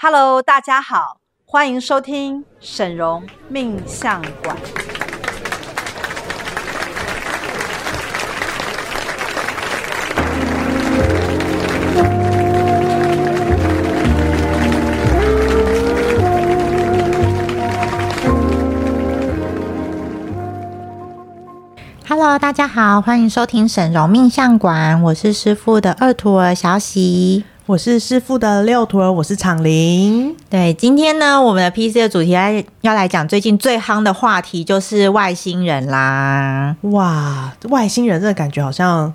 Hello，大家好，歡迎收聽沈嶸命相館。Hello，大家好，歡迎收聽沈嶸命相館，我是師傅的二徒兒小喜。我是師父的六徒兒，我是昶伶。對，今天呢，我們的 PC 的主題要來講最近最夯的話題，就是外星人啦。哇，外星人的感覺好像。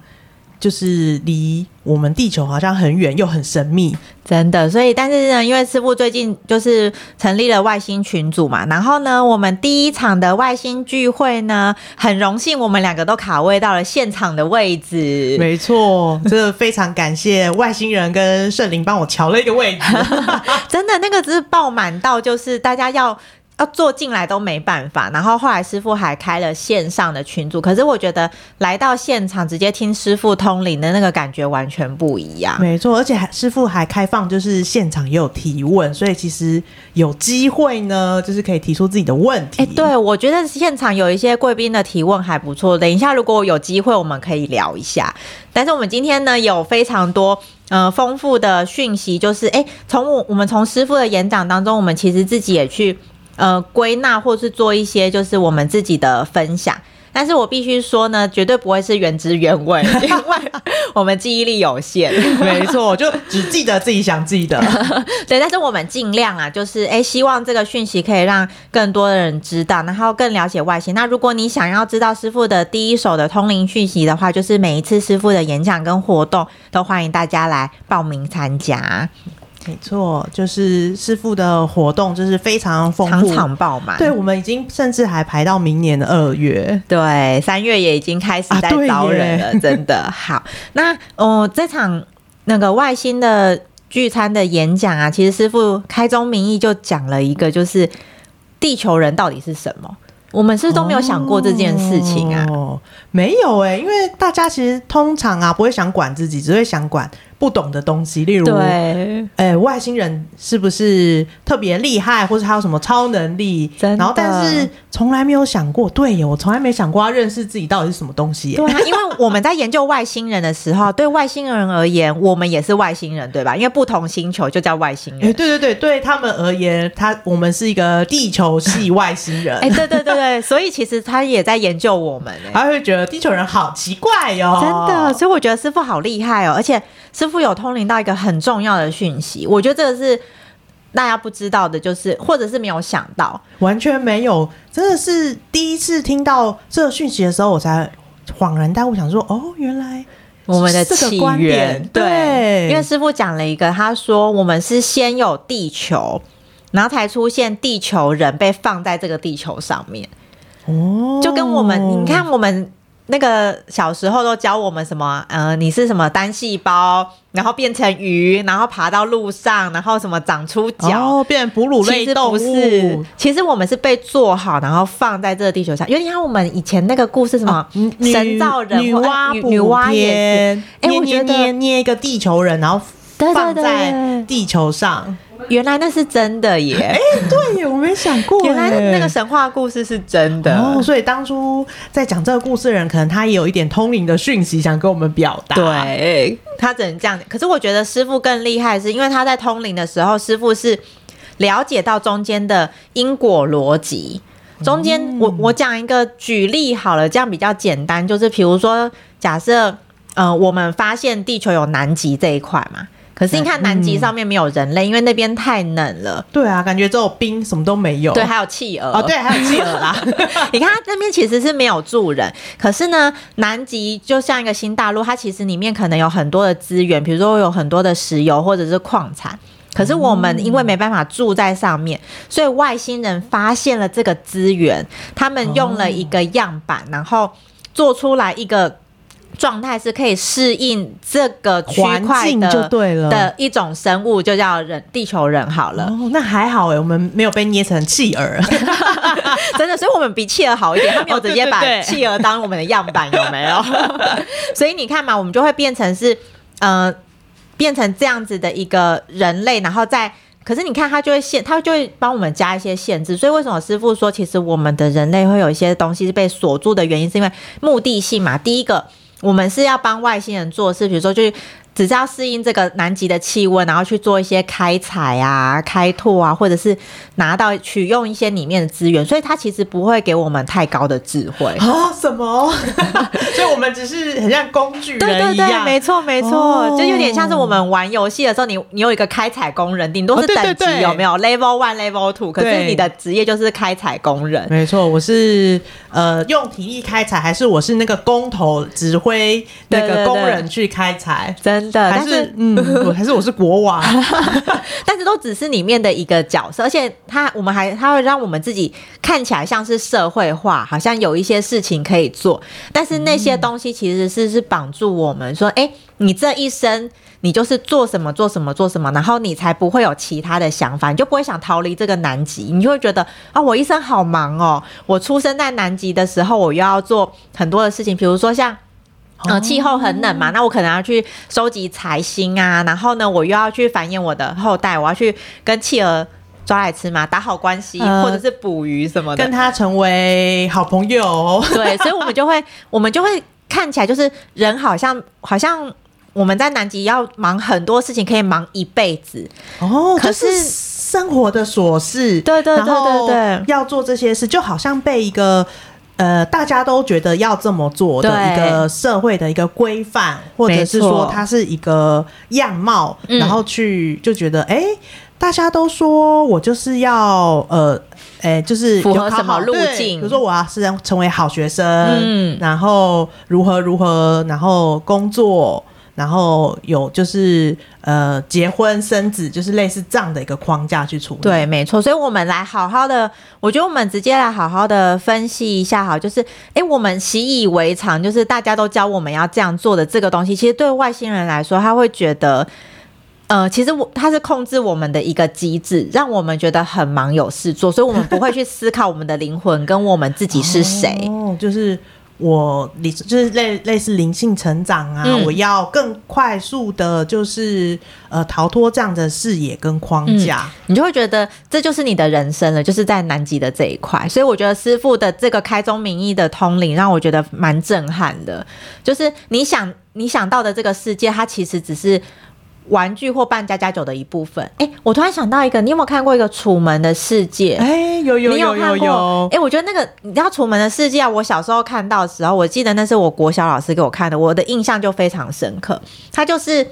就是離我們地球好像很遠又很神秘，真的。所以，但是呢，因為師傅最近就是成立了外星群組嘛，然後呢，我們第一場的外星聚會呢，很榮幸我們兩個都卡位到了現場的位置。沒錯，真的非常感謝外星人跟聖靈幫我喬了一個位置， 真的那個只是爆滿到就是大家要。要坐進來都沒辦法，然後後來師傅還開了線上的群組，可是我覺得來到現場直接聽師傅通靈的那個感覺完全不一樣。沒錯，而且還師傅還開放，就是現場也有提問，所以其實有機會呢，就是可以提出自己的問題。哎、欸，對我覺得現場有一些貴賓的提問還不錯，等一下如果有機會我們可以聊一下。但是我們今天呢有非常多呃豐富的訊息，就是哎從、欸、我我們從師傅的演講當中，我們其實自己也去。呃，歸納或是做一些就是我們自己的分享，但是我必須說呢，絕對不會是原汁原味， 因為我們記憶力有限， 沒錯，就只記得自己想記得。 對，但是我們盡量啊，就是哎、欸，希望這個訊息可以讓更多的人知道，然後更了解外星。那如果你想要知道師父的第一手的通靈訊息的話，就是每一次師父的演講跟活動，都歡迎大家來報名參加。沒錯，就是師傅的活動就是非常豐富，場場爆滿。對，我們已經甚至還排到明年的二月，對三月也已經開始在招人了。啊、真的好，那哦，這場那個外星的聚餐的演講啊，其實師傅開宗明義就講了一個，就是地球人到底是什麼？我們是不是都沒有想過這件事情啊？哦、沒有哎、欸，因為大家其實通常啊不會想管自己，只會想管。不懂的東西，例如，誒、欸，外星人是不是特別厲害，或是他有什麼超能力？然後，但是從來沒有想過，對耶，我從來沒想過要認識自己到底是什麼東西。對，因為我們在研究外星人的時候， 對外星人而言，我們也是外星人，對吧？因為不同星球就叫外星人。欸、對對對，對他們而言，他我們是一個地球系外星人。哎、 欸，對對對對，所以其實他也在研究我們，他會覺得地球人好奇怪喲、喔。真的，所以我覺得師父好厲害哦、喔，而且。師傅有通靈到一個很重要的訊息，我覺得這個是大家不知道的，就是或者是沒有想到，完全沒有，真的是第一次聽到這個訊息的時候，我才恍然大悟，想說哦，原來我們的起源對，對，因為師傅講了一個，他說我們是先有地球，然後才出現地球人被放在這個地球上面，哦，就跟我們，你看我們。那個小時候都教我們什麼？呃，你是什麼單細胞，然後變成魚，然後爬到路上，然後什麼長出腳，哦，變哺乳類動物其。其實我們是被做好，然後放在這個地球上。因為你看我們以前那個故事什麼神造人，女媧女媧捏、呃欸，捏捏捏，捏，捏，捏，捏一個地球人，然後放在地球上，對對對對。原來那是真的耶！哎，對。我想過，原來那個神話故事是真的，哦，所以當初在講這個故事的人，可能他也有一點通靈的訊息想跟我們表達。對，他只能這樣。可是我覺得師傅更厲害是，是因為他在通靈的時候，師傅是了解到中間的因果邏輯。中間，嗯，我我講一個舉例好了，這樣比較簡單。就是比如說，假設呃，我們發現地球有南極這一塊嘛。可是你看南極上面沒有人類，嗯、因為那邊太冷了。對啊，感覺只有冰，什麼都沒有。對，還有企鵝。哦，對，還有企鵝啦。 你看那邊其實是沒有住人，可是呢，南極就像一個新大陸，它其實裡面可能有很多的資源，比如說有很多的石油或者是礦產。可是我們因為沒辦法住在上面，嗯、所以外星人發現了這個資源，他們用了一個樣板，然後做出來一個。狀態是可以適應這個環境的，就對了，的一種生物就叫人，地球人好了。哦、那還好誒、欸，我們沒有被捏成企鵝， 真的，所以我們比企鵝好一點。他沒有直接把企鵝當我們的樣板，有沒有？ 所以你看嘛，我們就會變成是，嗯、呃，變成這樣子的一個人類，然後再，可是你看他就會限，他就會幫我們加一些限制。所以為什麼師父說，其實我們的人類會有一些東西是被鎖住的原因，是因為目的性嘛？第一個。我們是要幫外星人做事。比如說，就是。只是要適應這個南極的氣溫，然後去做一些開採啊、開拓啊，或者是拿到取用一些裡面的資源，所以它其實不會給我們太高的智慧啊、哦。什麼？ 所以我們只是很像工具對對對，沒錯沒錯、哦，就有點像是我們玩遊戲的時候，你你有一個開採工人，頂多是等級有沒有？Level One、哦、Level Two，可是你的職業就是開採工，工人。沒錯，我是呃用體力開採，還是我是那個工頭指揮那個工人去開採？對對對對對，真的但是，嗯，還是我是國王， 但是都只是裡面的一個角色，而且他，我們還他會讓我們自己看起來像是社會化，好像有一些事情可以做，但是那些東西其實是是綁住我們，說，哎、欸，你這一生你就是做什麼做什麼做什麼，然後你才不會有其他的想法，你就不會想逃離這個南極，你就會覺得啊、哦，我一生好忙哦，我出生在南極的時候，我又要做很多的事情，比如說像。嗯，氣候很冷嘛、哦，那我可能要去收集財星啊，然後呢，我又要去繁衍我的後代，我要去跟企鵝抓來吃嘛，打好關係、呃，或者是捕魚什麼的，跟他成為好朋友。對，所以，我們就會， 我們就會看起來就是人好像，好像我們在南極要忙很多事情，可以忙一輩子哦，可是，就是生活的瑣事，對對對對對，對，要做這些事，就好像被一個。呃，大家都覺得要這麼做的一個社會的一個規範，或者是說它是一個樣貌，然後去就覺得，誒、嗯欸、大家都說我就是要呃，誒、欸、就是有好符合什麼路徑？比如說我要是成為好學生，嗯，然後如何如何，然後工作。然後有就是呃結婚生子，就是類似這樣的一個框架去處理。對，沒錯。所以，我們來好好的，我覺得我們直接來好好的分析一下，好，就是哎，我們習以為常，就是大家都教我們要這樣做的這個東西，其實對外星人來說，他會覺得，呃，其實我他是控制我們的一個機制，讓我們覺得很忙有事做，所以我們不會去思考我們的靈魂跟我們自己是誰， 哦，就是。我靈就是類類似靈性成長啊、嗯，我要更快速的，就是呃逃脫這樣的視野跟框架、嗯，你就會覺得這就是你的人生了，就是在南極的這一塊。所以我覺得師父的這個開宗明義的通靈，讓我覺得蠻震撼的。就是你想你想到的這個世界，它其實只是。玩具或扮家家酒的一部分。哎、欸，我突然想到一個，你有沒有看過一個《楚門的世界》欸？哎，有有有有有,有,有,有,有。哎、欸，我覺得那個，你知道《楚門的世界》啊，我小時候看到的時候，我記得那是我國小老師給我看的，我的印象就非常深刻。他就是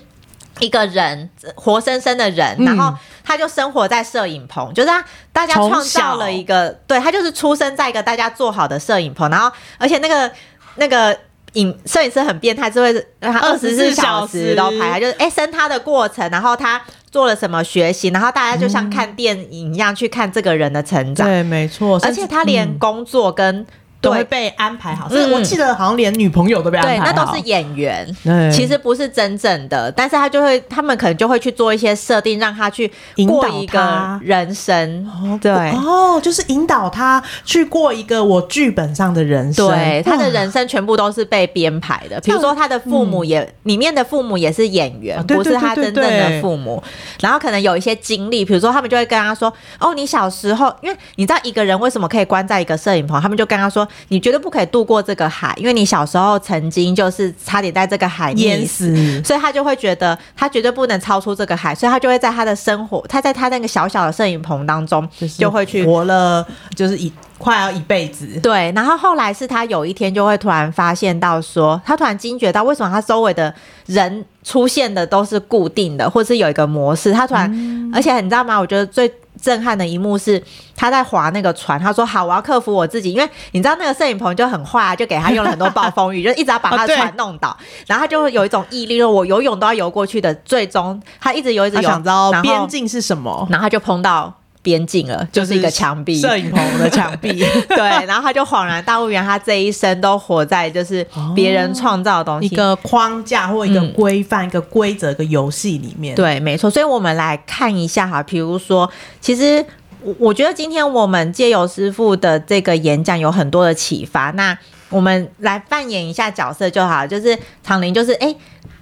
一個人，活生生的人，然後他就生活在攝影棚、嗯，就是他大家創造了一個，對，他就是出生在一個大家做好的攝影棚，然後而且那個那個。影攝影師很變態，就會讓他二十四小時都拍，他就是哎生、欸、他的過程，然後他做了什麼學習，然後大家就像看電影一樣、嗯、去看這個人的成長，對，沒錯，而且他連工作跟、嗯。跟對，被安排好，所、嗯、以我記得好像連女朋友都不要安排。對，那都是演員，對，其實不是真正的。但是他就會，他們可能就會去做一些設定，讓他去過一個人生、哦。對，哦，就是引導他去過一個我劇本上的人生。對他、嗯、的人生全部都是被編排的。比如說他的父母也、嗯、裡面的父母也是演員、啊，對對對對對對，不是他真正的父母。然後可能有一些經歷，比如說他們就會跟他說：“哦，你小時候，因為你知道一個人為什麼可以關在一個攝影棚，他們就跟他說。”你絕對不可以度過這個海，因為你小時候曾經就是差點在這個海淹死，yes. 所以他就會覺得他絕對不能超出這個海，所以他就會在他的生活，他在他那個小小的攝影棚當中，就會去活了，就是一快要一輩子。對，然後後來是他有一天就會突然發現到說，他突然驚覺到為什麼他周圍的人出現的都是固定的，或是有一個模式，他突然，嗯、而且你知道嗎？我覺得最。震撼的一幕是他在划那個船，他說：“好，我要克服我自己，因為你知道那個攝影棚就很壞啊，就給他用了很多暴風雨， 就一直要把他的船弄倒。哦，然後他就會有一種毅力，說：我游泳都要游過去的，最終他一直游一直游，想知道邊境是什麼，然後，然後他就碰到。”邊境了，就是一個牆壁，攝影棚的牆壁。 對，然後他就恍然大悟，原來他這一生都活在就是別人創造的東西、哦、一個框架或一個規範、嗯、一個規則、一個遊戲裡面。對，沒錯。所以我們來看一下哈，比如說，其實我我覺得今天我們借由師父的這個演講有很多的啟發。那我們來扮演一下角色就好了，就是昶伶，就是哎。欸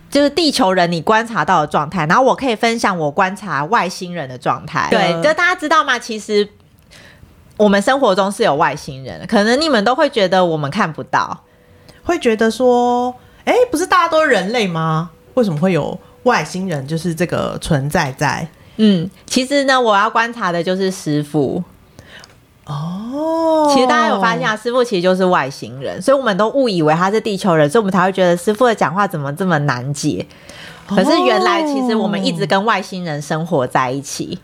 就是地球人，你觀察到的狀態，然後我可以分享我觀察外星人的狀態、嗯。對，就大家知道嗎？其實我們生活中是有外星人，可能你們都會覺得我們看不到，會覺得說，哎、欸，不是大家都人類嗎？為什麼會有外星人？就是這個存在在。嗯，其實呢，我要觀察的就是師父。哦，其實大家有發現啊，師父其實就是外星人，所以我們都誤以為他是地球人，所以我們才會覺得師父的講話怎麼這麼難解。可是原來其實我們一直跟外星人生活在一起，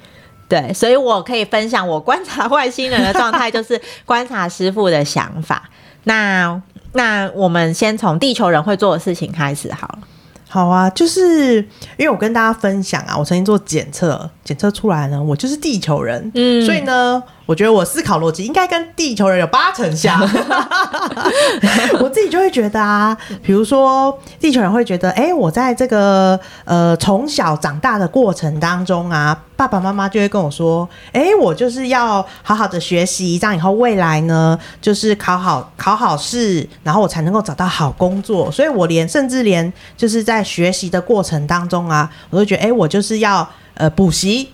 對，所以我可以分享我觀察外星人的狀態，就是觀察師父的想法。 那那我們先從地球人會做的事情開始好了。好啊，就是因為我跟大家分享啊，我曾經做檢測。檢測出來呢，我就是地球人，嗯、所以呢，我覺得我思考邏輯應該跟地球人有八成像。 我自己就會覺得啊，比如說地球人會覺得，哎、欸，我在這個呃從小長大的過程當中啊，爸爸媽媽就會跟我說，哎、欸，我就是要好好的學習，這樣以後未來呢，就是考好考好試，然後我才能夠找到好工作。所以我連甚至連就是在學習的過程當中啊，我都覺得，哎、欸，我就是要。呃，補習，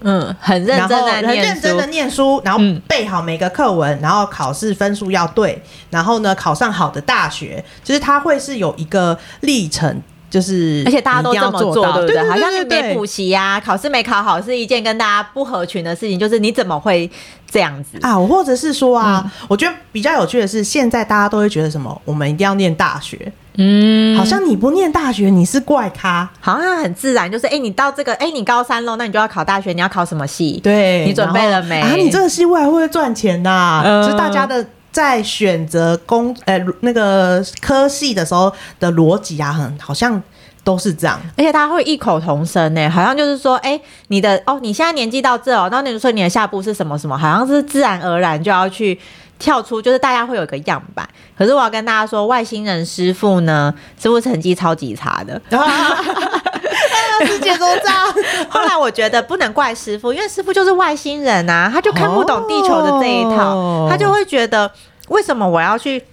嗯，很認真的，很認真的念書，然後，、嗯、然後背好每個課文，然後考試分數要對，然後呢，考上好的大學，就是他會是有一個歷程，就是而且大家都這麼做，對對，對，對，對，對，好像是、啊、對，補習呀，考試沒考好是一件跟大家不合群的事情，就是你怎麼會這樣子啊？我或者是說啊、嗯，我覺得比較有趣的是，現在大家都會覺得什麼？我們一定要念大學。嗯，好像你不念大學，你是怪咖，好像很自然，就是哎、欸，你到這個哎、欸，你高三嘍，那你就要考大學，你要考什麼系？對，你準備了沒？然後啊，你這個系未來會不會賺錢吶、啊呃？就大家的在選擇工呃、欸、那個科系的時候的邏輯啊，很好像都是這樣，而且他會異口同聲呢、欸，好像就是說，哎、欸，你的哦，你現在年紀到這哦，那你說你的下一步是什麼什麼，好像是自然而然就要去。跳出，就是大家會有一個樣板，可是我要跟大家說，外星人師傅呢，師傅成績超級差的。哦、 後來我覺得不能怪師傅，因為師傅就是外星人啊，他就看不懂地球的這一套。哦、他就會覺得為什麼我要去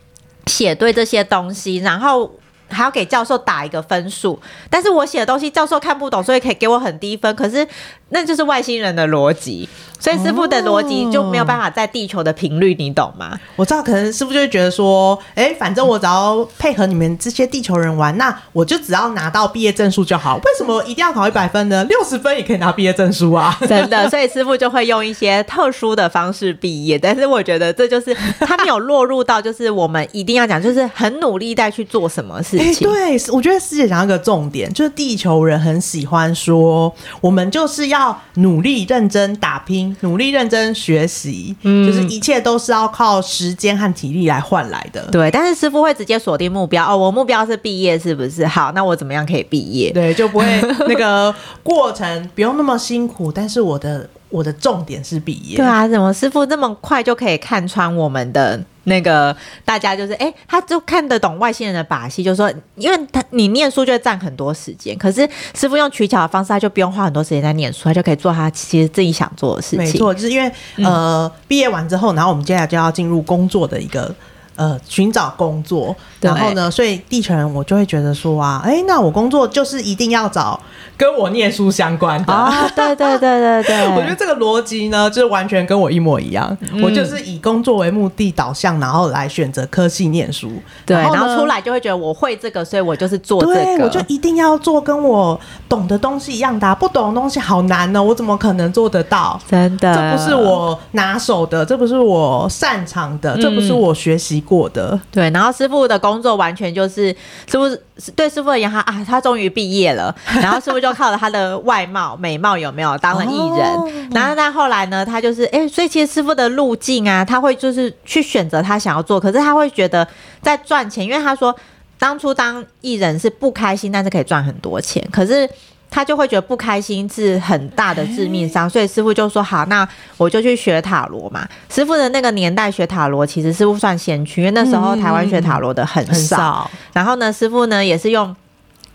寫對這些東西，然後還要給教授打一個分數？但是我寫的東西教授看不懂，所以可以給我很低分。可是那就是外星人的邏輯。所以師傅的邏輯就沒有辦法在地球的頻率，哦，你懂嗎？我知道，可能師傅就會覺得說，哎、欸，反正我只要配合你們這些地球人玩，那我就只要拿到畢業證書就好。為什麼一定要考一百分呢？六十分也可以拿畢業證書啊！真的，所以師傅就會用一些特殊的方式畢業。 但是我覺得這就是他沒有落入到就是我們一定要講，就是很努力在去做什麼事情。欸、對，我覺得師姐講到一個重點，就是地球人很喜歡說，我們就是要努力、認真、打拼。努力認真學習，嗯，就是一切都是要靠時間和體力來換來的。對，但是師傅會直接鎖定目標哦。我目標是畢業，是不是？好，那我怎麼樣可以畢業？對，就不會那個過程不用那麼辛苦， 但是我的。我的重點是畢業。對啊，怎麼師傅這麼快就可以看穿我們的那個？大家就是哎、欸，他就看得懂外星人的把戲，就是說，因為他你念書就會佔很多時間，可是師傅用取巧的方式，他就不用花很多時間在念書，他就可以做他其實自己想做的事情。沒錯，就是因為呃，畢業完之後，然後我們接下來就要進入工作的一個。呃，尋找工作，然後呢，所以地球人我就會覺得說啊，哎，那我工作就是一定要找跟我念書相關的啊。哦，對對對對對， 我覺得這個邏輯呢，就是完全跟我一模一樣。嗯，我就是以工作為目的導向，然後來選擇科系念書，對，然後，然後出來就會覺得我會這個，所以我就是做、這個，對，我就一定要做跟我懂的東西一樣的。啊，不懂的東西好難呢。哦，我怎麼可能做得到？真的，這不是我拿手的，這不是我擅長的，這不是我學習。嗯。過的對，然後師傅的工作完全就是師傅，對師傅而言，他啊，他終於畢業了。然後師傅就靠了他的外貌、 美貌有沒有當了藝人？Oh, 然後再後來呢，他就是哎、欸，所以其實師傅的路徑啊，他會就是去選擇他想要做，可是他會覺得在賺錢，因為他說當初當藝人是不開心，但是可以賺很多錢，可是。他就會覺得不開心是很大的致命傷，所以師傅就說：“好，那我就去學塔羅嘛。”師傅的那個年代學塔羅，其實師傅算先驅，因為那時候台灣學塔羅的很少，嗯、很少。然後呢，師傅呢也是用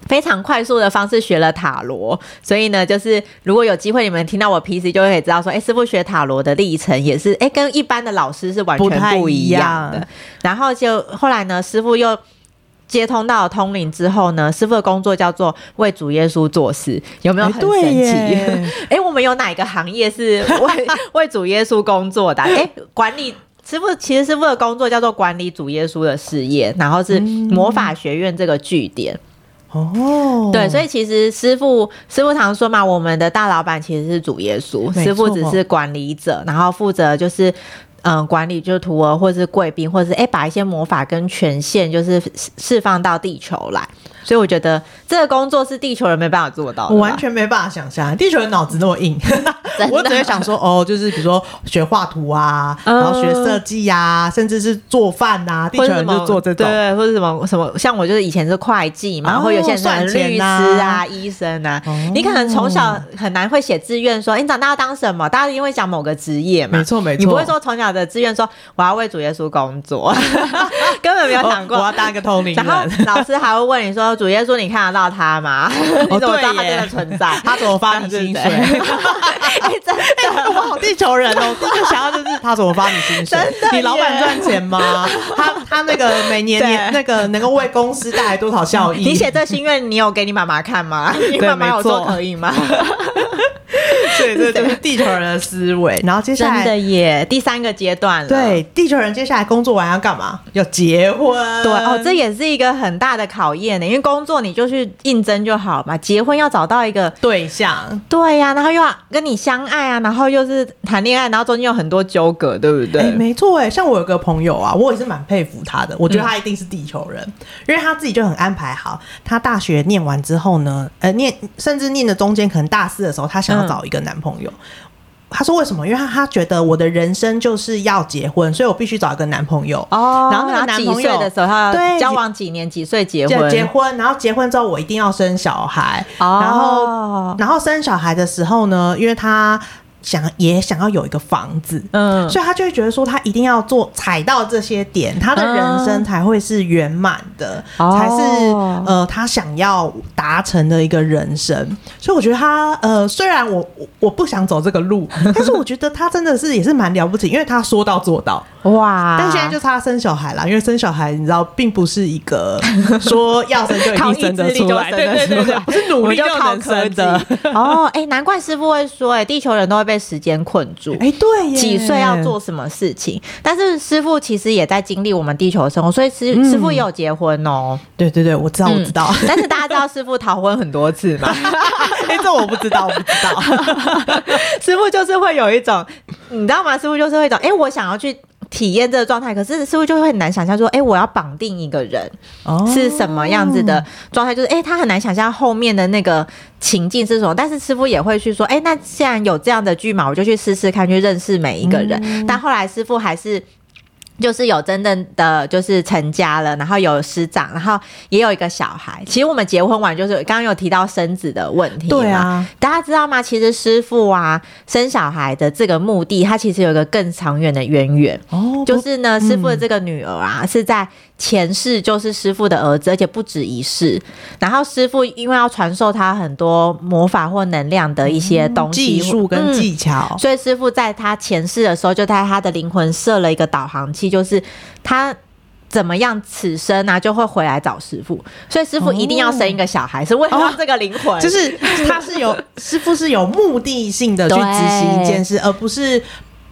非常快速的方式學了塔羅，所以呢，就是如果有機會你們聽到我 PC，就會知道說：“哎、欸，師傅學塔羅的歷程也是哎、欸，跟一般的老師是完全不，一樣，不，不一樣的。”然後就後來呢，師傅又。接通到通靈之後呢，師傅的工作叫做為主耶穌做事，有沒有很神奇？哎、欸欸，我們有哪一個行業是為 為主耶穌工作的？哎、欸，管理師傅，其實師傅的工作叫做管理主耶穌的事業，然後是魔法學院這個據點。哦、嗯，對，所以其實師傅師傅常說嘛，我們的大老板其實是主耶穌、哦哦，師傅只是管理者，然後負責就是。嗯，管理就徒兒，或是貴賓，或是誒、欸，把一些魔法跟權限，就是釋放到地球來。所以我覺得這個工作是地球人沒辦法做到，我完全沒辦法想象地球人腦子那麼硬。 我只會想說哦，就是比如說學畫圖啊、嗯，然後學設計啊，甚至是做飯啊，地球人就做這種。對，或者什麼什麼，像我就是以前是會計嘛，然、哦、後有些人是律師啊，啊、醫生啊。哦、你可能從小很難會寫志願說、欸，你長大要當什麼？大家因為講某個職業嘛，沒錯沒錯。你不會說從小的志願說我要為主耶穌工作， 根本沒有想過。哦、我要當個通靈人。然後老師還會問你說。主要說你看得到他嗎？哦、你怎麼知道他真的存在，他怎麼發你薪水？哎， 真的，欸，我好地球人哦，這 就想要就是他怎麼發你薪水？你老闆賺錢嗎？他他那個每年年那個能夠為公司帶來多少效益？你寫這心願，你有給你媽媽看嗎？ 你媽媽有說可以嗎？ 對對對，地球人的思維。 然後接下來真的也第三個階段了。對，地球人接下來工作完要幹嘛？要結婚。對哦，這也是一個很大的考驗呢。因為工作你就去應徵就好嘛，結婚要找到一個對象。對呀、啊，然後又要跟你相愛啊，然後又是談戀愛，然後中間有很多糾葛，對不對？欸、沒錯哎、欸，像我有個朋友啊，我也是蠻佩服他的。我覺得他一定是地球人、嗯，因為他自己就很安排好。他大學念完之後呢，呃，念甚至念的中間可能大四的時候，他想。找一個男朋友，他說：“為什麼？因為他他覺得我的人生就是要結婚，所以我必須找一個男朋友。哦，然後那個男朋友的時候，他交往幾年，幾歲結婚結？結婚，然後結婚之後，我一定要生小孩。哦，然後然後生小孩的時候呢，因為他。”想也想要有一個房子，嗯，所以他就會覺得說，他一定要做踩到這些點，嗯、他的人生才會是圓滿的、哦，才是呃他想要達成的一個人生。所以我覺得他呃，雖然我我不想走這個路，但是我覺得他真的是也是蠻了不起， 因為他說到做到哇！但現在就差生小孩啦，因為生小孩你知道並不是一個說要生就一定， 生得出來，對對，對，對 是努力就能生的哦。哎、欸，難怪師傅會說、欸，哎，地球人都會被。被時間困住，哎，對，幾歲要做什麼事情？欸、但是師傅其實也在經歷我們地球的生活，所以師、嗯、師傅也有結婚哦、喔。對對對，我知道、嗯，我知道。但是大家知道師傅逃婚很多次嗎、？ 欸，這我不知道，我不知道。 師傅就是會有一種，你知道嗎？師傅就是會一種，哎、欸，我想要去。體驗這個狀態，可是師傅就會很難想象說，哎、欸，我要綁定一個人是什麼樣子的狀態、哦，就是哎、欸，他很難想象後面的那個情境是什麼。但是師傅也會去說，哎、欸，那既然有這樣的劇嘛，我就去試試看，去認識每一個人。嗯、但後來師傅還是。就是有真正的，就是成家了，然後有師長，然後也有一個小孩。其實我們結婚完，就是剛剛有提到生子的問題嘛，對啊，大家知道嗎？其實師父啊，生小孩的這個目的，他其實有一個更長遠的淵源，源。哦，就是呢，嗯、師父的這個女兒啊，是在。前世就是師傅的兒子，而且不止一世。然後師傅因為要傳授他很多魔法或能量的一些東西、嗯、技術跟技巧，嗯、所以師傅在他前世的時候，就在他的靈魂設了一個導航器，就是他怎麼樣此生呢、啊？就會回來找師傅。所以師傅一定要生一個小孩，哦、是為什麼這個靈魂、哦。就是他是有 師傅是有目的性的去執行一件事，而不是。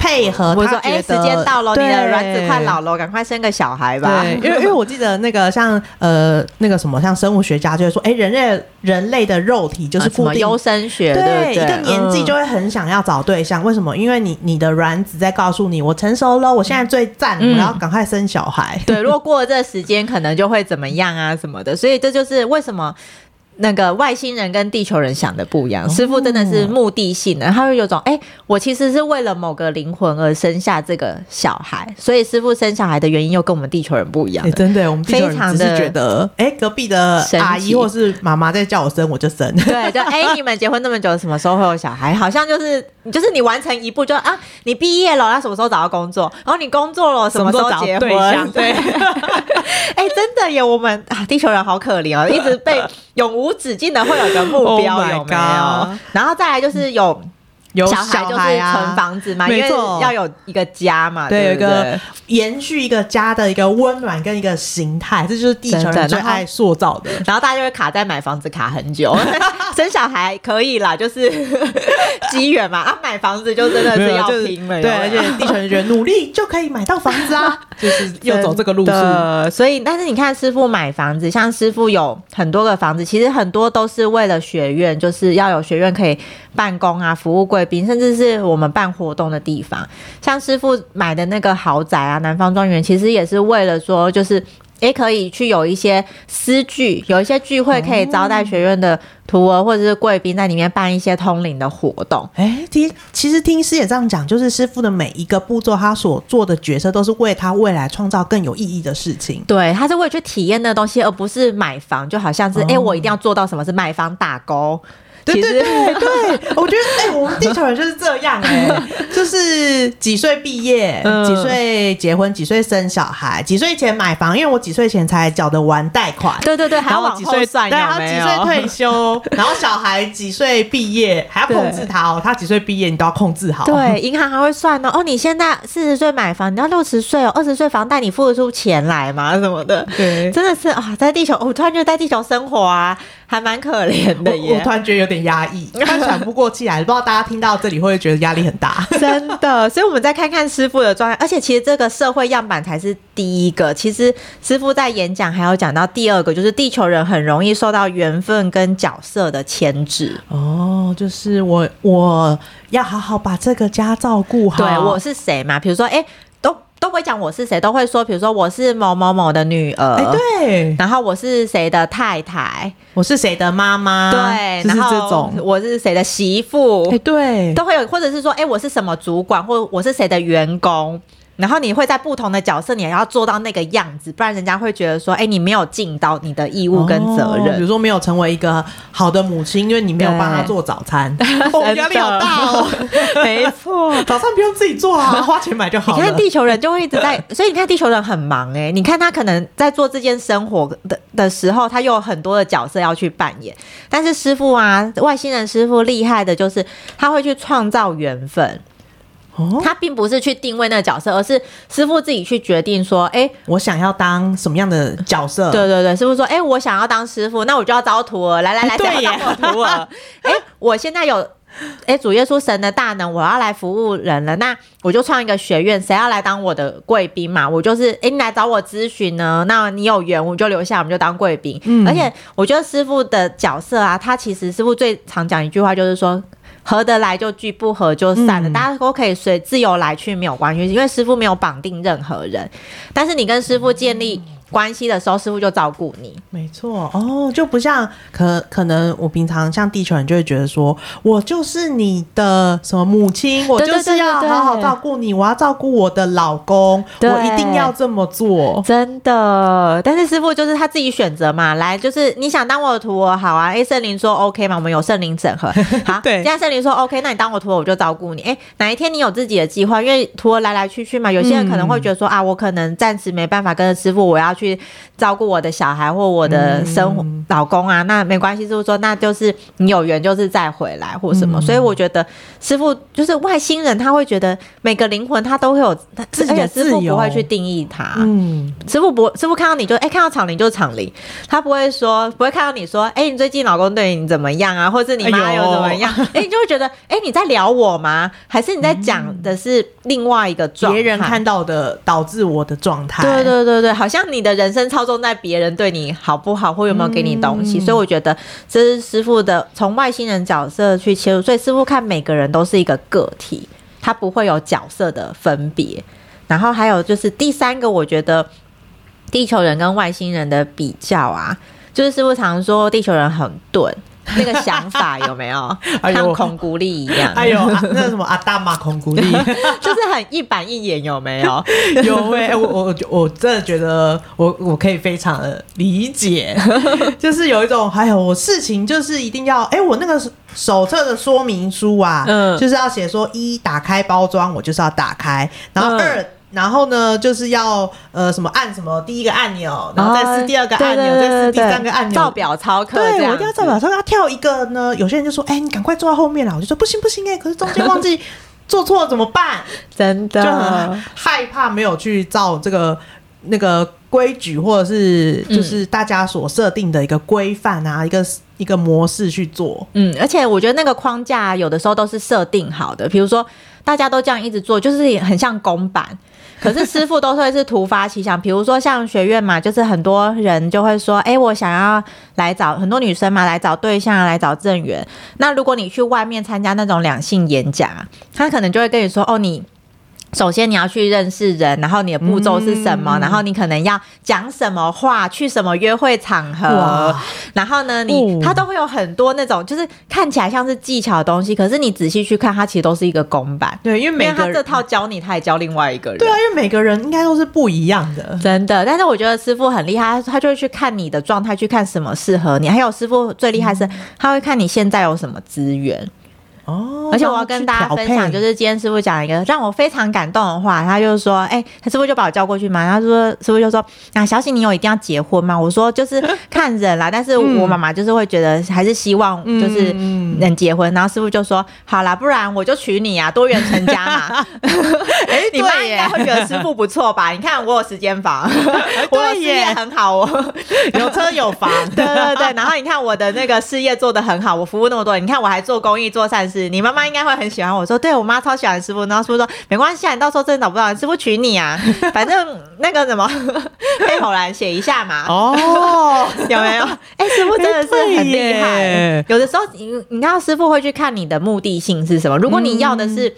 配合他我說，哎、欸，時間到了，你的卵子快老了，趕快生個小孩吧。對。因為，因為我記得那個像呃，那個什麼，像生物學家就會說，哎、欸，人類人類的肉體就是固定優生學，對,對,對,對一個年紀就會很想要找對象。嗯、為什麼？因為你你的卵子在告訴你，我成熟了，我現在最讚，我要趕快生小孩、嗯。對，如果過了這個時間， 可能就會怎麼樣啊什麼的。所以這就是為什麼。那個外星人跟地球人想的不一樣，哦、師父，真的是目的性的，他會有種哎、欸，我其實是為了某個靈魂而生下這個小孩，所以師父生小孩的原因又跟我們地球人不一樣、欸。真的，我們是非常的覺得哎，隔壁的阿姨或是媽媽在叫我生，我就生。對，就哎、欸，你們結婚那麼久，什麼時候會有小孩？好像就是，就是你完成一步就啊，你畢業了，那什麼時候找到工作，然後你工作了，什麼時候結婚？結婚，對。哎、 欸，真的有我們啊，地球人好可憐哦，一直被永無。無止境的會有一個目標，有沒有、oh？然後再來就是有。有小孩就是存房子嘛，啊、因為要有一個家嘛，對，對，對有一個延續一個家的一個溫暖跟一個形態，這就是地球人最愛塑造的，的然。然後大家就會卡在買房子卡很久， 生小孩可以啦，就是機緣 嘛。啊，買房子就真的是要拼了，就是，對，而且地球人覺得努力就可以買到房子啊， 就是又走這個路數。所以，但是你看師傅買房子，像師傅有很多個房子，其實很多都是為了學院，就是要有學院可以辦公啊，服務櫃。貴賓，甚至是我們辦活動的地方，像師傅買的那個豪宅啊，南方莊園，其實也是為了說，就是也、欸、可以去有一些私聚，有一些聚會，可以招待學院的徒兒、嗯、或者是貴賓，在裡面辦一些通靈的活動。哎，聽，其實聽師也這樣講，就是師傅的每一個步驟，他所做的角色，都是為他未來創造更有意義的事情。對，他是為了去體驗那東西，而不是買房，就好像是哎、嗯欸，我一定要做到什麼是賣方打鈎。對對對 對，我覺得哎、欸，我們地球人就是這樣哎、欸， 就是幾歲畢業，幾歲結婚，幾歲生小孩，幾歲前買房，因為我幾歲前才繳得完貸款。對對對，然後我幾歲算有沒有？對，他幾歲退休，然後幾歲退休 然後小孩幾歲畢業，還要控制他哦。他幾歲畢業，你都要控制好。對，銀行還會算呢、哦。哦，你現在四十歲買房，你要六十歲哦，二十歲房貸你付得出錢來嗎？什麼的。對，真的是啊、哦，在地球，我、哦、突然覺得在地球生活啊。還蠻可憐的耶，我，我突然覺得有點壓抑，他喘不過氣來。不知道大家聽到這裡會不會覺得壓力很大？ 真的，所以我們再看看師傅的狀態。而且其實這個社會樣板才是第一個。其實師傅在演講還有講到第二個，就是地球人很容易受到緣分跟角色的牽制。哦，就是我我要好好把這個家照顧好。對，我是誰嘛？比如說，誒、欸。都會講我是誰，都會說，比如說我是某某某的女兒，欸、對，然後我是誰的太太，我是誰的媽媽，對、就是這種，然後我是誰的媳婦，欸、對，都會有，或者是說，哎、欸，我是什麼主管，或我是誰的員工。然後你會在不同的角色，你還要做到那個樣子，不然人家會覺得說，哎，你沒有盡到你的義務跟責任。哦、比如說，沒有成為一個好的母親，因為你沒有幫她做早餐，哦、壓力好大、哦。沒錯，早 餐不用自己做啊，花錢買就好。你看地球人就會一直在， 所以你看地球人很忙哎、欸。你看他可能在做這件生活的的時候，他又有很多的角色要去扮演。但是師傅啊，外星人師傅厲害的就是他會去創造緣分。哦、他並不是去定位那個角色，而是師父自己去決定說：“哎、欸，我想要當什麼樣的角色？”嗯、對對對，師父說：“哎、欸，我想要當師父，那我就要招徒兒，來來來，對，招徒兒了”哎、 欸，我現在有哎、欸，主耶穌神的大能，我要來服務人了，那我就創一個學院，誰要來當我的貴賓嘛？我就是哎、欸，你來找我諮詢呢，那你有緣我就留下，我們就當貴賓。嗯，而且我覺得師父的角色啊，他其實師父最常講一句話就是說。合得來就聚，不合就散了。嗯、大家都可以隨自由來去，沒有關係，因為師傅沒有綁定任何人。但是你跟師傅建立、嗯。關係的時候，師傅就照顧你，沒錯哦，就不像可可能，我平常像地球人就會覺得說我就是你的什麼母親，我就是要好好照顧你，對對對對，我要照顧我的老公，我一定要這麼做，真的。但是師傅就是他自己選擇嘛，來就是你想當我的徒兒好啊，哎，聖、欸、靈說 OK 嘛，我們有聖靈整合，好，對，現在聖靈說 OK，那你當我徒兒，我就照顧你。哎、欸，哪一天你有自己的計劃，因為徒兒來來去去嘛，有些人可能會覺得說、嗯、啊，我可能暫時沒辦法跟着師傅，我要去。去照顧我的小孩或我的生、嗯、老公啊，那沒關係，就是，是說那就是你有緣就是再回來或什麼，嗯、所以我覺得師傅就是外星人，他會覺得每個靈魂他都會有他自己的自由，欸、師父不會去定義他。嗯，師傅不師傅看到你就哎、欸、看到場靈就場靈，他不會說不會看到你說哎、欸、你最近老公對你怎麼樣啊，或是你媽有，有怎麼樣，哎、欸、你就會覺得哎、欸、你在聊我嗎？還是你在講的是另外一個狀態？別、嗯、人看到的導致我的狀態？對，對對對對，好像你的。人生操縱在別人對你好不好，或有沒有給你東西，嗯、所以我覺得這是師父的從外星人角色去切入，所以師父看每個人都是一個個體，他不會有角色的分別。然後還有就是第三個，我覺得地球人跟外星人的比較啊，就是師父常說地球人很鈍。 那個想法有沒有像、哎、孔古力一樣哎？哎呦，啊、那什麼阿達馬孔古力， 啊、 就是很一板一眼，有沒有？有、欸，我我我真的覺得我我可以非常的理解， 就是有一種，哎呦，我事情就是一定要，哎、欸，我那個手冊的說明書啊，嗯、就是要寫說一打開包裝，我就是要打開，然後二。嗯然後呢，就是要呃什麼按什麼第一個按鈕，然後再試第二個按鈕，哦、對對對對再試第三個按鈕，照表操課。對我一定要照表操課要跳一個呢。有些人就說：“哎、欸，你趕快坐到後面啦！”我就說：“不行不行哎、欸，可是中間忘記 做錯了怎麼辦？”真的就很害怕，沒有去照這個那個規矩，或者是就是大家所設定的一個規範啊，嗯、一個一個模式去做。嗯，而且我覺得那個框架有的時候都是設定好的，比如說。大家都這樣一直做，就是也很像公版。可是師傅都會是突發奇想，比 如說像學院嘛，就是很多人就會說，哎、欸，我想要來找很多女生嘛，來找對象，來找正緣。那如果你去外面參加那種兩性演講，他可能就會跟你說，哦，你。首先你要去認識人，然後你的步驟是什麼、嗯，然後你可能要講什麼話，去什麼約會場合，然後呢，你、嗯、他都會有很多那種就是看起來像是技巧的東西，可是你仔細去看，它其實都是一個公版。對，因為每個人，因為他這套教你，他也教另外一個人。對啊，因為每個人應該都是不一樣的， 真的。但是我覺得師傅很厲害，他就會去看你的狀態，去看什麼適合你。還有師傅最厲害是、嗯，他會看你現在有什麼資源。哦，而且我要跟大家分享，就是今天師傅講一個讓我非常感動的話，他就是說，哎、欸，他師傅就把我叫過去嘛，他說，師傅就說，那、啊、小喜你有一定要結婚嗎？我說就是看人啦，但是我媽媽就是會覺得還是希望就是能結婚，嗯、然後師傅就說，好啦，不然我就娶你呀、啊，多元成家嘛。哎、 欸，你媽應該會覺得師傅不錯吧？你看我有十間房， 對我的事業很好哦、喔，有車有房， 對對對，然後你看我的那個事業做得很好，我服務那麼多，你看我還做公益做善事。你媽媽應該會很喜歡我說，對，我媽超喜歡師傅。然後師傅說，沒關係、啊，你到時候真的找不到，師傅娶你啊，反正 那個什麼，被、欸、後來寫一下嘛。哦， 有沒有？哎、欸，師傅真的是很厲害、欸。有的時候，你你知道師傅會去看你的目的性是什麼。如果你要的是。嗯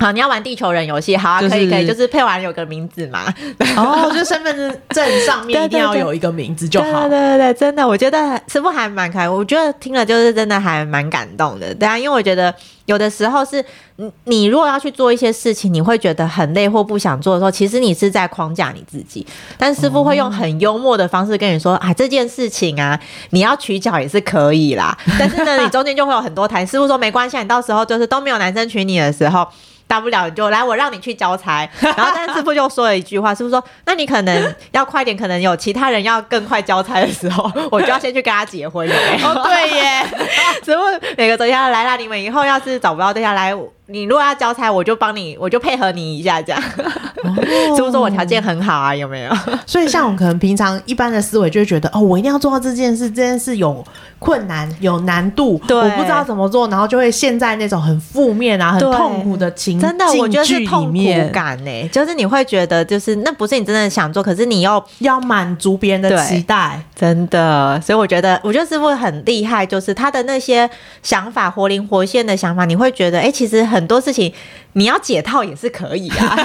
好，你要玩地球人遊戲，好啊，啊、就是，可以可以，就是配完有個名字嘛。然後我覺得身份證上面一定要有一個名字就好。 對,對對對，真的，我覺得師傅還蠻開。我覺得聽了就是真的還蠻感動的。對啊，因為我覺得有的時候是，你你如果要去做一些事情，你會覺得很累或不想做的時候，其實你是在框架你自己。但師傅會用很幽默的方式跟你說，哦、啊，這件事情啊，你要取巧也是可以啦。 但是呢，你中間就會有很多台。師傅說沒關係，你到時候就是都沒有男生娶你的時候。大不了你就來，我讓你去交差。然後但是師傅就說了一句話：“ 師傅說，那你可能要快點，可能有其他人要更快交差的時候，我就要先去跟他結婚了。” 哦，對耶！師 傅 每個等下來啦。你們以後要是找不到對象來。你如果要交差，我就幫你，我就配合你一下，這樣， 是不是說我條件很好啊，有沒有、哦？所以像我可能平常一般的思維，就會覺得哦，我一定要做到這件事，這件事有困難，有難度，對，我不知道怎麼做，然後就會陷在那種很負面啊、很痛苦的情境裡面。真的，我覺得是痛苦感呢、欸。就是你會覺得，就是那不是你真的想做，可是你要要滿足別人的期待，真的。所以我覺得，我覺得師父很厲害，就是他的那些想法，活靈活現的想法，你會覺得，哎、欸，其實很。很多事情你要解套也是可以啊，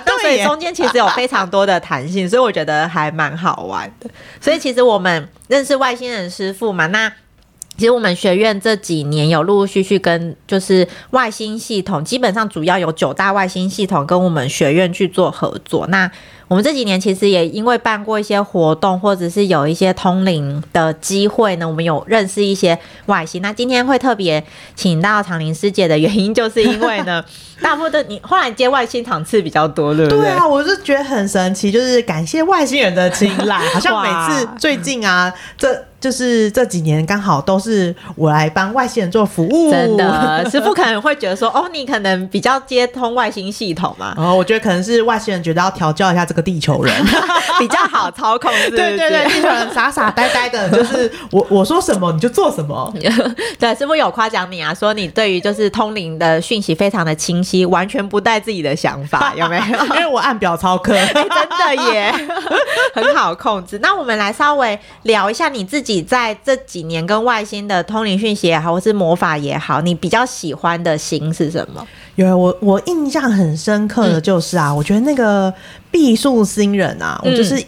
對 中間其實有非常多的彈性， 所以我覺得還蠻好玩的。 所以其實我們認識外星人師父嘛，那其實我們學院這幾年有陸陸續續跟就是外星系統，基本上主要有九大外星系統跟我們學院去做合作。那我們這幾年其實也因為辦過一些活動，或者是有一些通靈的機會呢，我們有認識一些外星。那今天會特別請到昶伶師姐的原因，就是因為呢， 大部分你後來接外星場次比較多了。對不對？對啊，我是覺得很神奇，就是感謝外星人的青睞，好像每次最近啊，這就是這幾年剛好都是我來幫外星人做服務，真的，師傅可能會覺得說， 哦，你可能比較接通外星系統嘛。哦，我覺得可能是外星人覺得要調教一下這個。地球人比較好操控是不是， 對對對，地球人傻傻呆呆呆的，就是我我說什麼你就做什麼。 對，是不是有誇獎你啊，說你對於就是通靈的訊息非常的清晰，完全不帶自己的想法，有沒有？ 因為我按表操課、 欸，真的耶， 很好控制。那我們來稍微聊一下你自己在這幾年跟外星的通靈訊息也好，或是魔法也好，你比較喜歡的型是什麼？有、啊、我我印象很深刻的就是啊，嗯、我覺得那個。避數新人啊，我就是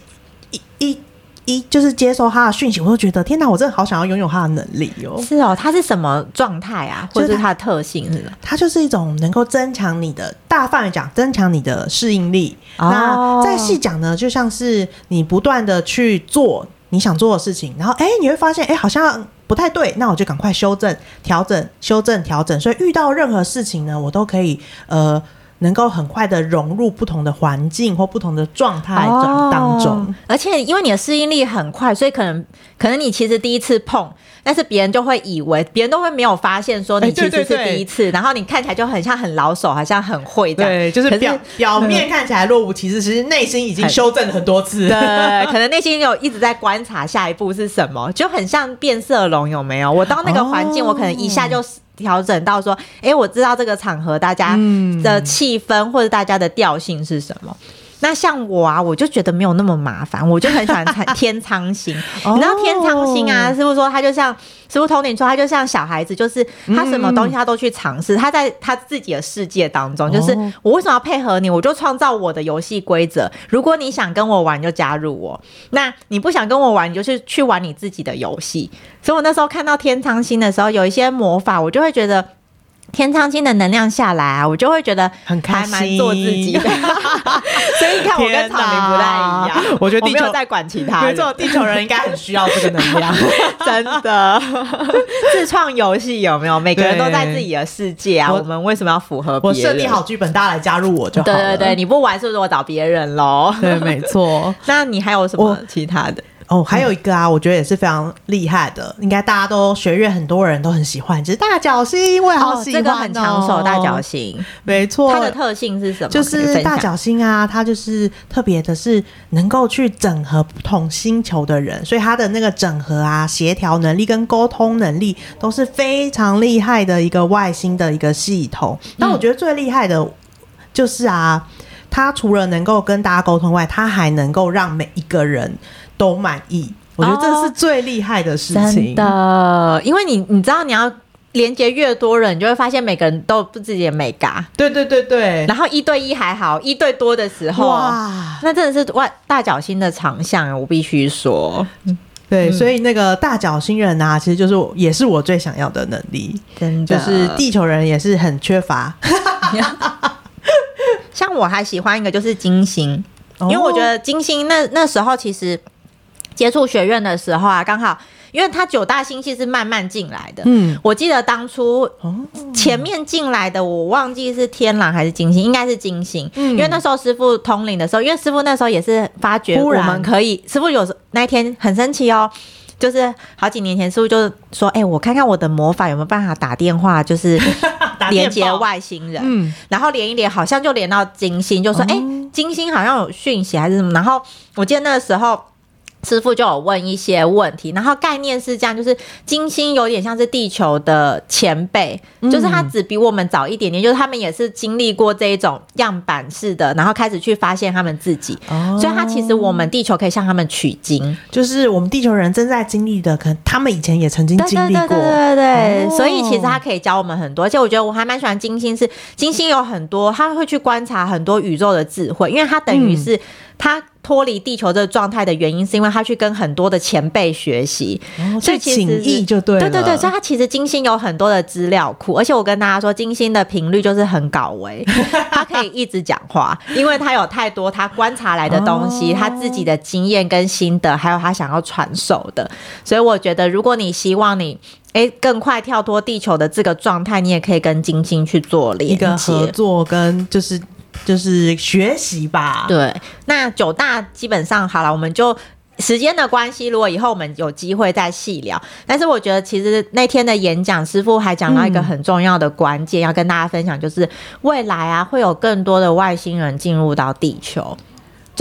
一、嗯、一、一，就是接收他的訊息，我都覺得天哪，我真的好想要擁有他的能力哦！是哦，他是什麼狀態啊？或者是他的特性是什麼、就是嗯？他就是一種能夠增強你的，大範圍講增強你的適應力。哦、那再細講呢，就像是你不斷的去做你想做的事情，然後哎、欸，你會發現哎、欸，好像不太對，那我就趕快修正、調整、修正、調整。所以遇到任何事情呢，我都可以呃。能夠很快的融入不同的環境或不同的狀態當當中，哦，而且因為你的適應力很快，所以可能可能你其實第一次碰，但是別人就會以為，別人都會沒有發現說你其實是第一次，欸對對對，然後你看起來就很像很老手，好像很會的，對，就是表是表面看起來若無其事，其實內心已經修正了很多次，嗯、對， 可能內心有一直在觀察下一步是什麼，就很像變色龍有沒有？我到那個環境，哦，我可能一下就調整到說，哎、欸，我知道這個場合大家的氣氛或者大家的調性是什麼。嗯那像我啊，我就覺得沒有那麼麻煩，我就很喜歡天蒼星。 你知道天蒼星啊，哦、師傅說他就像，師傅同你說他就像小孩子，就是他什麼東西他都去嘗試。嗯、他在他自己的世界當中，就是我為什麼要配合你？我就創造我的遊戲規則。如果你想跟我玩，就加入我；那你不想跟我玩，你就去去玩你自己的遊戲。所以我那時候看到天蒼星的時候，有一些魔法，我就會覺得。天蒼星的能量下來啊，我就會覺得很開心，還蠻做自己的。所以你看，我跟昶伶不太一樣。我覺得地球我在管其他人，因為這種地球人應該很需要這個能量， 真的。 自創遊戲有沒有？每個人都在自己的世界啊。我,我們為什麼要符合別人？我設定好劇本，大家來加入我就好了。對對對，你不玩是不是我找別人嘍？對，沒錯。 那你還有什麼其他的？哦，還有一個啊，嗯、我覺得也是非常厲害的，應該大家都學院，很多人都很喜歡，就是大角星，我也好喜歡的。哦哦，這個很搶手，大角星。沒錯，它的特性是什麼？就是大角星啊，它就是特別的是能夠去整合不同星球的人，所以它的那個整合啊、協調能力跟溝通能力都是非常厲害的一個外星的一個系統。但我覺得最厲害的就是啊。嗯，就是啊他除了能夠跟大家溝通外，他還能夠讓每一個人都滿意，哦。我覺得這是最厲害的事情。真的，因為你你知道，你要連接越多人，你就會發現每個人都有自己的美感。對對對對，然後一對一還好，一對多的時候，哇，那真的是外大角星的長項，我必須說。對，嗯，所以那個大角星人啊，其實就是也是我最想要的能力，真的，就是地球人也是很缺乏。Yeah. 像我還喜歡一個就是金星，因為我覺得金星那那時候其實接觸學院的時候啊，剛好因為它九大星系是慢慢進來的。嗯，我記得當初前面進來的我忘記是天狼還是金星，應該是金星。嗯，因為那時候師傅通靈的時候，因為師傅那時候也是發覺我們可以，師傅有那一天很神奇哦。就是好幾年前，是不是就是說，哎、欸，我看看我的魔法有沒有辦法打電話，就是連接外星人， 然後連一連，好像就連到金星，就說，哎、嗯欸，金星好像有訊息還是什麼，然後我記得那個時候。師傅就有問一些問題，然後概念是這樣，就是金星有點像是地球的前輩、嗯，就是它只比我們早一點點，就是他們也是經歷過這一種樣板式的，然後開始去發現他們自己，哦、所以它其實我們地球可以向他們取經，就是我們地球人正在經歷的，可能他們以前也曾經經歷過，對對對、對、對、哦，所以其實它可以教我們很多，而且我覺得我還蠻喜歡金星，是金星有很多，他會去觀察很多宇宙的智慧，因為它等於是他。嗯脫離地球這個狀態的原因，是因為他去跟很多的前輩學習，哦，所以其實對對對，所以他其實金星有很多的資料庫，而且我跟大家說，金星的頻率就是很高維， 他可以一直講話，因為他有太多他觀察來的東西。哦，他自己的經驗跟心得，還有他想要傳授的，所以我覺得，如果你希望你哎、欸、更快跳脫地球的這個狀態，你也可以跟金星去做連結，一個合作，跟就是。就是學習吧。對，那九大基本上好了，我們就時間的關係，如果以後我們有機會再細聊。但是我覺得，其實那天的演講，師傅還講到一個很重要的關鍵，嗯，要跟大家分享，就是未來啊，會有更多的外星人進入到地球。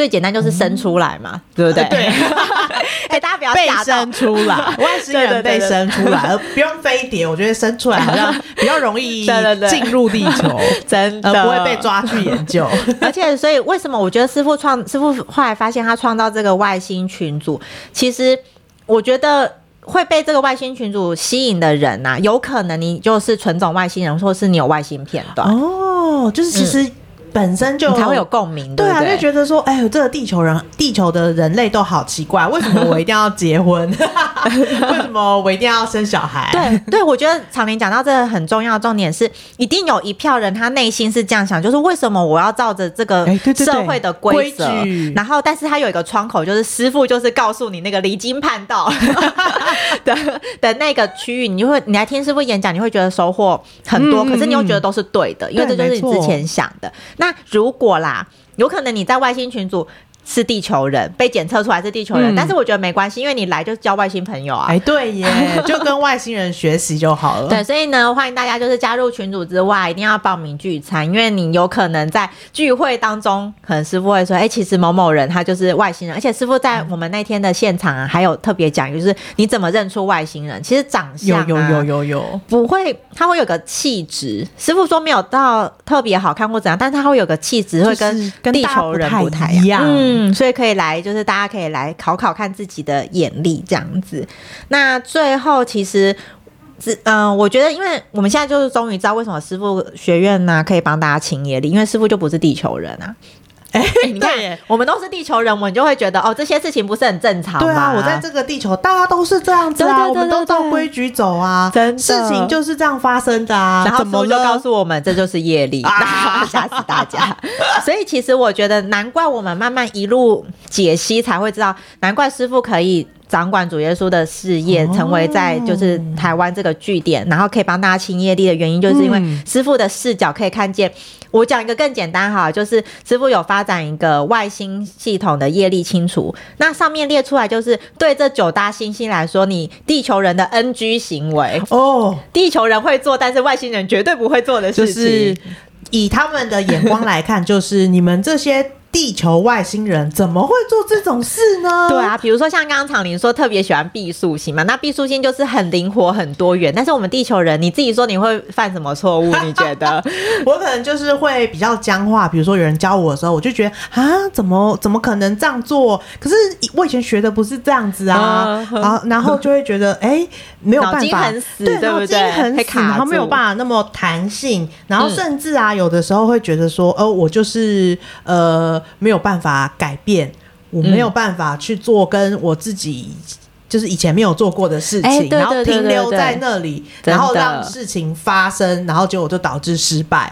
最簡單就是生出來嘛，嗯、對不對？對，哎、 欸，大家不要假被生出來，外星人被生出來對對對，不用飛碟。我覺得生出來好像比較容易進入地球，對對對，真的不會被抓去研究。 而且，所以為什麼我覺得師傅創師傅後來發現他創造這個外星群組，其實我覺得會被這個外星群組吸引的人啊，有可能你就是純種外星人，或是你有外星片段哦，就是其實。嗯本身就才會有共鳴，對啊，對對就覺得說，哎呦，這個地球人，地球的人類都好奇怪，為什麼我一定要結婚？ 為什麼我一定要生小孩？ 對對，我覺得昶伶講到這個很重要的重點是一定有一票人，他內心是這樣想，就是為什麼我要照着這個社會的規，則、哎、對對對規矩？然後，但是他有一個窗口，就是師傅就是告訴你那個離經叛道 的的那個區域，你會，你來聽師傅演講，你會覺得收穫很多，嗯、可是你又覺得都是對的、嗯，因為這就是你之前想的。那如果啦，有可能你在外星群組。是地球人，被檢測出來是地球人。嗯，但是我覺得沒關係，因為你來就是交外星朋友啊。哎，對耶， 就跟外星人學習就好了。對，所以呢，歡迎大家就是加入群組之外，一定要報名聚餐，因為你有可能在聚會當中，可能師傅會說，哎、欸，其實某某人他就是外星人。而且師傅在我們那天的現場啊，還有特別講，就是你怎麼認出外星人？其實長相有有有有有，不會，他會有個氣質。師傅說沒有到特別好看或怎樣，但是他會有個氣質，會跟跟地球人不太一樣。嗯嗯，所以可以來，就是大家可以來考考看自己的眼力這樣子。那最後其實，只、呃、嗯，我覺得，因為我們現在就是終於知道為什麼師傅學院呢、啊、可以幫大家清業力，因為師傅就不是地球人啊。哎、欸欸欸，你看對，我們都是地球人，我們就會覺得哦，這些事情不是很正常嗎？對啊，我在這個地球，大家都是這樣子啊，對對對對對，我們都照規矩走啊，真的，事情就是這樣發生的啊。然後師傅就告訴我們，這就是業力，嚇、啊、死大家。啊、所以其實我覺得，難怪我們慢慢一路解析才會知道，難怪師傅可以。掌管主耶穌的事業，成為在就是台灣這個據點、哦，然後可以幫大家清業力的原因，就是因為師父的視角可以看見。嗯、我講一個更簡單哈，就是師父有發展一個外星系統的業力清除。那上面列出來就是對這九大行星來說，你地球人的 NG 行為哦，地球人會做，但是外星人絕對不會做的事，就是以他們的眼光來看， 就是你們這些。地球外星人怎麼會做這種事呢？對啊，比如說像剛剛昶伶說，特別喜歡畢宿星嘛，那畢宿星就是很靈活、很多元。但是我們地球人，你自己說你會犯什麼錯誤？你覺得 我可能就是會比較僵化。比如說有人教我的時候，我就覺得啊，怎麼怎麼可能這樣做？可是我以前學的不是這樣子啊，然、嗯、後然後就會覺得哎、嗯欸，沒有辦法，對，腦筋對，對，很死，然後沒有辦法那麼彈性，然後甚至啊、嗯，有的時候會覺得說，哦、呃，我就是呃。沒有辦法改變，我沒有辦法去做跟我自己就是以前沒有做過的事情，嗯、然後停留在那裡，欸、對對對對，然後讓事情發生，真的。然後結果就導致失敗。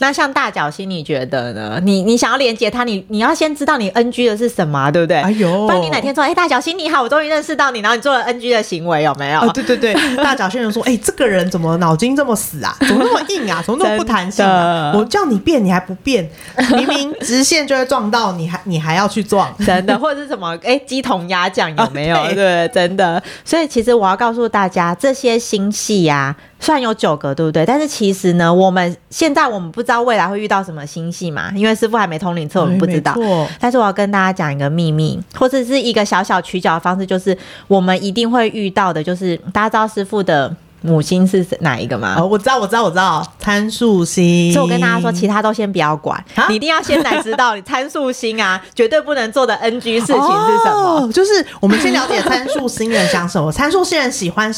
那像大角星，你覺得呢？你你想要連接他，你你要先知道你 N G 的是什麼，對不對？哎呦，不然你哪天說，哎、欸，大角星你好，我終於認識到你，然後你做了 N G 的行為，有沒有？啊、對對對，大角星人說，哎、 欸，這個人怎麼腦筋這麼死啊？怎麼那麼硬啊？怎麼那麼不彈性、啊？我叫你變，你還不變？明明直線就會撞到，你還你還要去撞？真的，或者是什麼？哎、欸，雞同鴨講有沒有、啊對？對，真的。所以其實我要告訴大家，這些星系呀、啊。雖然有九個，對不對？但是其實呢，我們現在我們不知道未來會遇到什麼星系嘛，因為師父還沒通靈車，我們不知道、嗯。但是我要跟大家講一個秘密，或者是一個小小取巧的方式，就是我們一定會遇到的，就是大家知道師父的母星是哪一個嗎、哦？我知道，我知道，我知道，參數星。所以我跟大家說，其他都先不要管，啊、你一定要先來知道你參數星啊， 絕對不能做的 NG 事情是什麼？哦、就是我們先了解參數星人想什麼。參 數星人喜歡。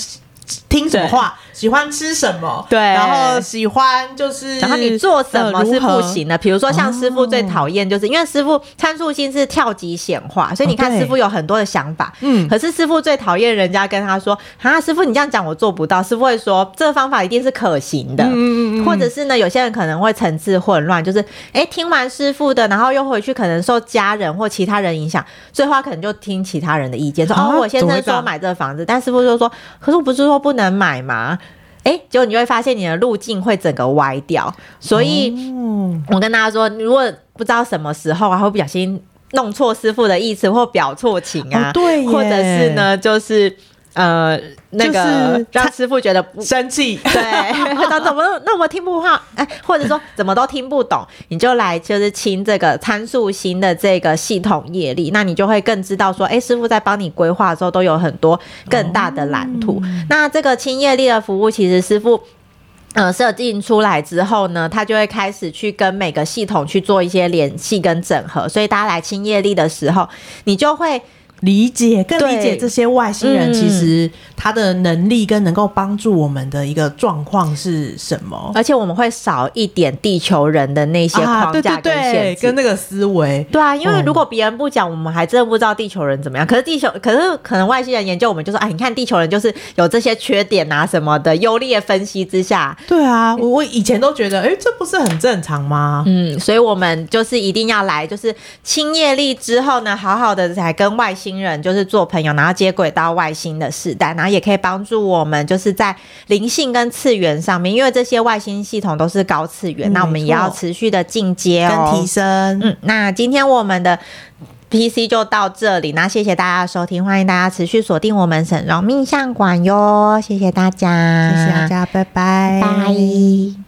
聽什麼話？喜歡吃什麼？對，然後喜歡就是，然後你做什麼是不行的？比、呃、如、如說像師傅最討厭，就是、oh. 因為師傅參數性是跳級顯化，所以你看師傅有很多的想法，嗯、oh，可是師傅最討厭人家跟他說啊、嗯，師傅你這樣講我做不到。師傅會說這個方法一定是可行的，嗯嗯、嗯或者是呢，有些人可能會層次混亂，就是哎、欸、聽完師傅的，然後又回去可能受家人或其他人影響，最後可能就聽其他人的意見，說、oh, 哦，我先生說買這個房子，但師傅就說，可是我不是說。不能買嗎？誒、欸，結果你會發現你的路徑會整個歪掉，所以我跟大家說、嗯，如果不知道什麼時候，啊，會不小心弄錯師傅的意思或表錯情啊、哦，或者是呢，就是。呃，那個、就是、讓師傅覺得不生氣，對，或 怎麼那我聽不話，哎，或者說怎麼都聽不懂，你就來就是清這個參數型的這個系統業力，那你就會更知道說，哎，師傅在幫你規劃的時候都有很多更大的藍圖。哦、那這個清業力的服務，其實師傅呃設定出來之後呢，他就會開始去跟每個系統去做一些聯繫跟整合，所以大家來清業力的時候，你就會。理解，更理解這些外星人，其實他的能力跟能夠幫助我們的一個狀況是什麼，嗯？而且我們會少一點地球人的那些框架跟限制，啊，對對對跟那個思維。對啊，因為如果別人不講，我們還真的不知道地球人怎麼樣，嗯。可是地球，可是可能外星人研究我們就說，哎，你看地球人就是有這些缺點啊什麼的，優劣分析之下。對啊，我我以前都覺得，哎，欸，這不是很正常嗎？嗯，所以我們就是一定要來，就是清業力之後呢，好好的才跟外星人。人就是做朋友，然後接軌到外星的時代，然後也可以幫助我們，就是在靈性跟次元上面，因為這些外星系統都是高次元，嗯、那我們也要持續的進階跟提升。嗯，那今天我們的 PC 就到這裡，那謝謝大家收聽，歡迎大家持續鎖定我們沈嶸命相館喲，謝謝大家，謝謝大家，拜拜，拜。